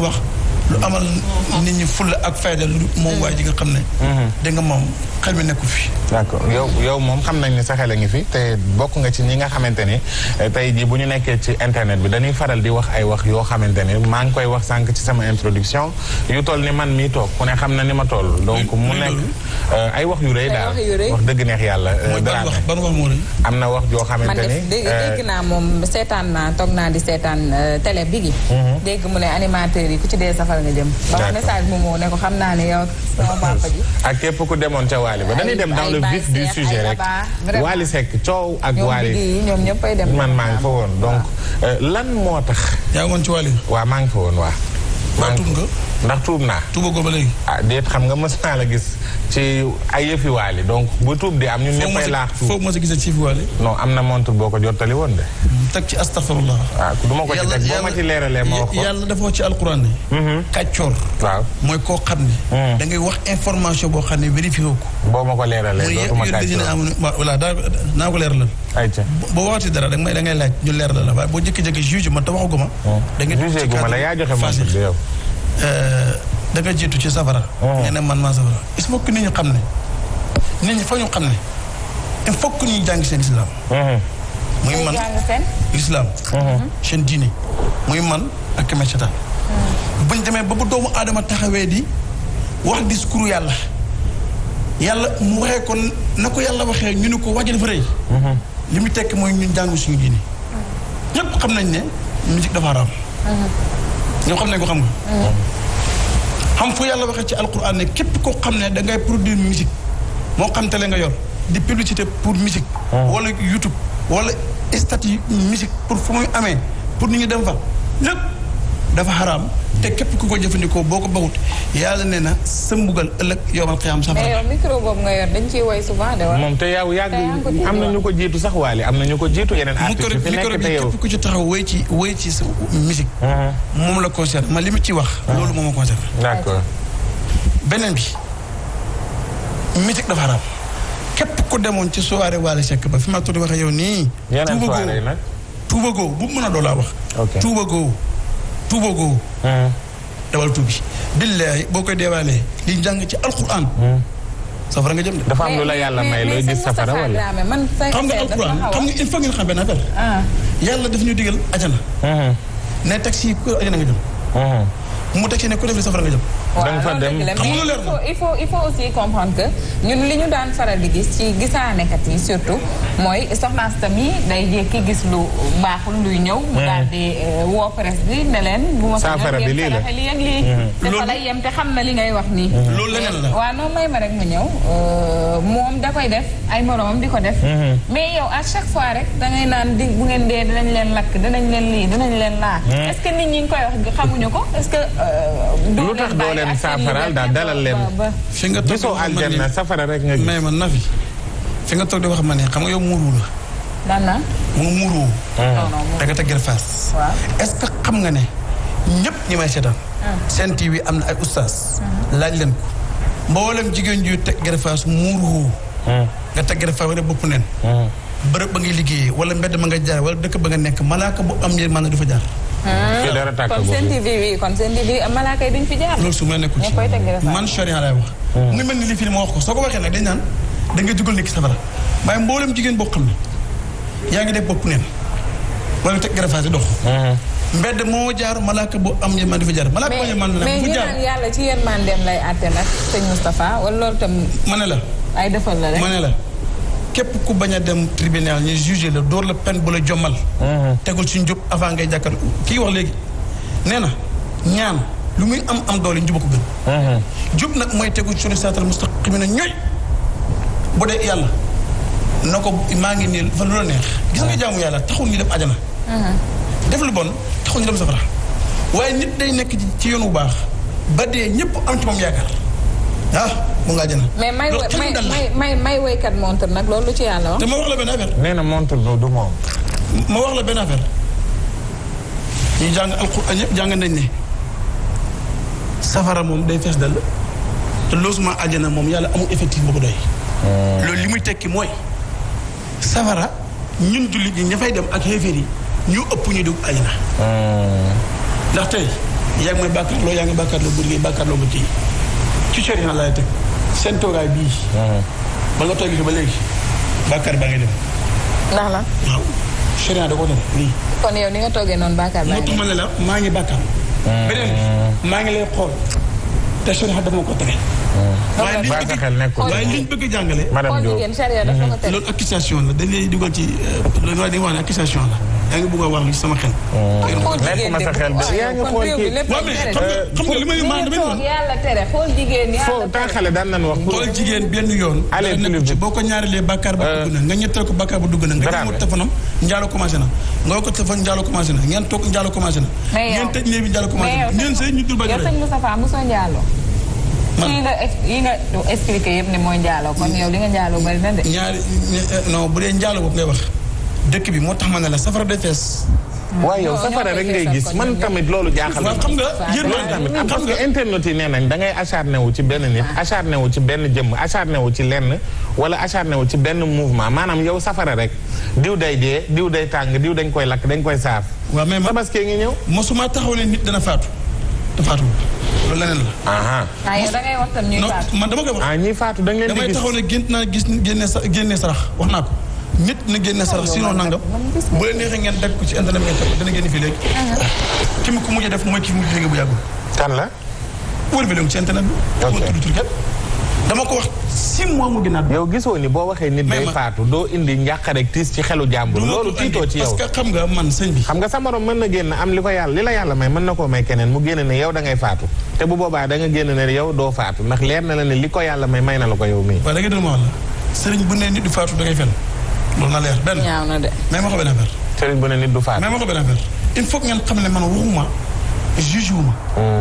wax lu amal nit ñi fulla ak fayda lu moom waa ji nga xam ne. Mhm. da nga moom xel mi nekku fi. d'accord yow yow moom xam nañ ne sa xel fi te bokk nga ci ñi nga xamante ni eh, tey jii bu ñu nekkee ci internet bi dañuy faral di wax ay wax yoo xamante ni maa ngi koy wax sànq ci sama introduction yu toll ni man mi toog ku ne xam na ni ma toll. donc mu nekk eh, ay wax yu rëy daal wax dëgg neex yàlla. Eh, dara wax ban wax moo rëy am na wax joo xamante ni. dégg naa moom seetaan naa toog naa di seetaan télé bi gi. Mhm. dégg mu ne animateur yi ku ci dee safara Sénégal nga jëm. wax message bu moo ne ko xam naa ne yow ak képp ku demoon ca Waly ba dañuy dem dans le vif du sujet rek. Waly Seck coow ak. Waly ñoom ñëppay dem man maa fa woon donc euh, lan moo tax. yaa ngi ci Waly. waa maa ngi fa woon waaw. maa tuub nga. ndax tuub naa. tuuba ko ba léegi. ah déet xam nga mës naa la gis. ci ay yëfi waale donc bu tuub di am ñun ñëppay laax tuub foofu moo si gisee ci yëfi waale non am na montre boo ko jottali woon de hmm, teg ci astaghfirullah waaw ah, ko ci teg boo ma ci leeralee ma wax yàlla dafa wax ci alquran ne mhm. kàccoor waaw mooy koo xam ne hmm. da ngay wax information boo xam ne vérifié ko boo ma ko leeralee dootuma kàccoor ah, voilà daa naa ko leeralal ayca boo waxati dara da da ngay laaj ñu leeralal la waaye boo jëkki-jëkki juge ma te waxaguma hmm. da ngay juge guma la yaa joxe montre yow euh, da nga jiitu ci safara. Oh. nga ne man maa safara il faut que nit ñu xam ne nit ñi fa ñu xam ne il faut que ñu jàng seen islam. Mm-hmm. muy man islam. Mm-hmm. man ak Kama mm. demee ba doomu aadama taxawee di wax discours yàlla yàlla mu ko na ko yàlla waxee ñu ne ko waajal mm-hmm. li mu tekk mooy ñun jàng suñu diine. Mm. ñëpp xam nañ ne musique dafa araam. ñoo xam nañ ko xam nga. Mm. xam fu yàlla waxee ci alquran ne képp koo xam ne da ngay produire musique moo xam télé nga yor di publicité pour musique hmm. wala YouTube wala statut musique pour fu muy amee pour nit ñu dem fa dafa xaraam te képp ku ko jëfandikoo boo ko bawut yàlla nee na sa mbugal ëllëg yowmal xiyaam sa yow eh, micro boobu nga yor dañ ciy woy souvent de moom te yow yàgg am na ñu ko jiitu sax waale am na ñu ko jiitu yeneen artiste fi nekk te yow micro bi képp ku ci taxaw woy ci woy ci uh-huh. moom la concerne ma li ma ci wax uh-huh. loolu moom ma concerne d'accord beneen bi musique dafa xaraam képp ku demoon ci soirée Wally Seck ba fi ma tudd waxee yow nii tuubagoo tuubagoo bu mën a doolaa wax tuubagoo tuuboogoo hmm. dawal tuubi billaahi boo koy deewaalee li jàng ci alquran hmm. safara nga jëm de. dafa am lu la yàlla may looy gis safara wala man xam nga alquran xam nga il faut ngeen xam benn affaire. Ah. yàlla def ñu digal ajana. Hmm. ne taxi ku ajana nga jëm. mu taxi ne ku def li safara nga jëm. da nga fa dem xam nga leer il faut il faut aussi comprendre que ñun li ñu daan faral di gis ci gisaanekat gis lu baaxul luy ñëw. mu hmm. daal di euh, woo presse bi leen. bu ma bi lii la lii ak lii. dafa hmm. lay te xam na li ngay wax nii. Hmm. loolu la waaw non may ma rek mu ñëw euh, moom da koy def ay moromam di ko def. mais yow a chaque fois rek da ngay naan di bu ngeen dee dinañ leen lakk dinañ leen lii dinañ leen laa. est-ce que nit ñi ngi koy wax xamuñu ko est-ce que. Euh, leen saafaraal daal dalal leen. fi nga toog gisoo aljanna safara rek nga gis. mais man di wax ma ne xam nga yow muuru la. daan naa. mu ah. muuru. da nga teggeel faas. ce que xam nga ne ñëpp ñi may seetaan. Ah. seen TV am na ay ustaas. Ah. laaj leen ko mboolem jigéen ju teggeel faas muuru. nga teggeel faas wala bopp neen. bërëb ba ngay liggéeyee wala mbedd ma nga jaar wala dëkk ba nga nekk malaaka bu am yéen maanaam du fa jaar. fii dara tàkk kon seen TV bi kon seen TV malaaka yi duñ fi jaar. loolu su ma nekkul ci man charia lay wax. Hmm. mu mel ni li film soo ko waxee nag dañ naan da nga jugal nekk safara waaye mboolem jigéen boo xam ne yaa ngi def bopp neen wala teg hmm. moo jaar malaaka bu am yemande fa jaar. malaaka boo yemande nag bu fa jaar mais mais yàlla ci yéen man dem lay àtte nag sëñ Moustapha wala loolu tam. ma ne la ay defal la rek ma ne la. képp ku bañ a dem tribunal ñu jugé la dóor la peine bu la jommal. Mhm. tegul ci njub avant ngay jàkkar kii wax léegi nee na ñaan lu muy am am doole njub ko gën. Mhm. jub nag mooy tegu ci siraatal mustaqim na ñooy bu dee yàlla na ko maa ngi nii fa lu la neex. gis nga mhm. jaamu yàlla taxul ñu dem ajana. def lu bon taxul ñu dem waaye nit day nekk ci yoon bu baax ba dee ñëpp am ci moom yaakaar ah. mu ngi àjjana. mais may may may may waykat montre nag loolu ci yàlla wax. te ma wax la benn affaire. nee na montre du du moom. ma wax la benn affaire ñuy jàng alxuraan ñëpp jàng nañ ne safara moom day fees dal te logement àjjana moom yàlla amul effectif bu ko doy. Hmm. loolu li muy tekki mooy safara ñun jullit ñi ña dem ak xeefeer yi ñu ëpp ñu dugg àjjana. Hmm. ndax tey yaa ngi may bàkkaar loo yaa ngi bàkkaar loo ci cër yi laay teg. seen toogaay bii. Hmm. ba nga toogee ba léegi. Bakar ba ngay dem. ndax la waaw. Sharia da ko tere lii. kon yow ni nga toogee noonu Bakar ba ngay dem la maa ngi Bakar. Hmm. beneen maa ngi lay xool te Sharia a ko tere. Hmm. waaye liñ bëgg waaye liñ bëgg a jàngale. madame Diop loolu accusation la dañ lay dugal ci loolu euh, da nga wax ne accusation la. yaa ngi bëgg a wax li sama xel. Oh. sa xel de yaa ngi xool kii xam nga xam nga li may maa damay wax. yàlla tere xool jigéen yàlla foo benn yoon. allez boo ko ñaarilee bàkkaar ba na nga ñettal ko ba dugg na. nga jëmoo téléphone am njaalo na. nga ko téléphone njaalo commencé na ngeen toog njaalo commencé na. ngeen tëj na ngeen sëy ñu dul ba yi njaaloo kon yow li nga njaaloo bari na de. ñaari eh, non bu dee njaaloo boobu ngay wax. dëkk bi moo tax ma ne la safara de fees. waaye yow safara rek ngay gis man tamit loolu jaaxal na xam internet yi nee nañ da ngay acharné wu ci benn nit acharné wu ci benn jëmm acharné wu ci lenn wala acharné wu ci benn mouvement maanaam yow safara rek diw day dee diw day tàng diw dañ koy lakk dañ koy saaf waaw mais tabaski ngi ñëw mosuma taxaw ne nit dana faatu te ah, man dama koy wax ah, ñuy faatu da ngeen di gis damay taxaw ne gént naa gis génne sarax wax naa ko nit na génne si sinon nangam mu leen neexee ngeen dagg ko ci internet ngeen teg dana fii léegi. Uh-huh. ki mu ko mujjee def mooy ki mu jógee bu yàggul. la. wër bi léegi ci internet bi. ok tudd ko wax six mois mu gënaat. yow gisoo ni boo waxee nit day faatu doo indi njàqareeg tiis ci xelu jàmbur. loolu tiitoo ci yow parce que xam nga man sëñ bi. xam nga sa morom mën na génn am li ko yàlla li la yàlla may mën na koo may keneen mu génn ne yow dangay ngay faatu te bu boobaa da nga génn ne yow doo faatu ndax leer na la ne li ko yàlla may may na la ko yow mii. waaw da ngay bu ne nit da ngay fen loolu na leer benn ñaaw na de. mais ma ko benn affaire. Serigne bu ne nit du faat. mais ma ko benn affaire il faut que ngeen xam ne man waxuma juge wu ma. Hmm.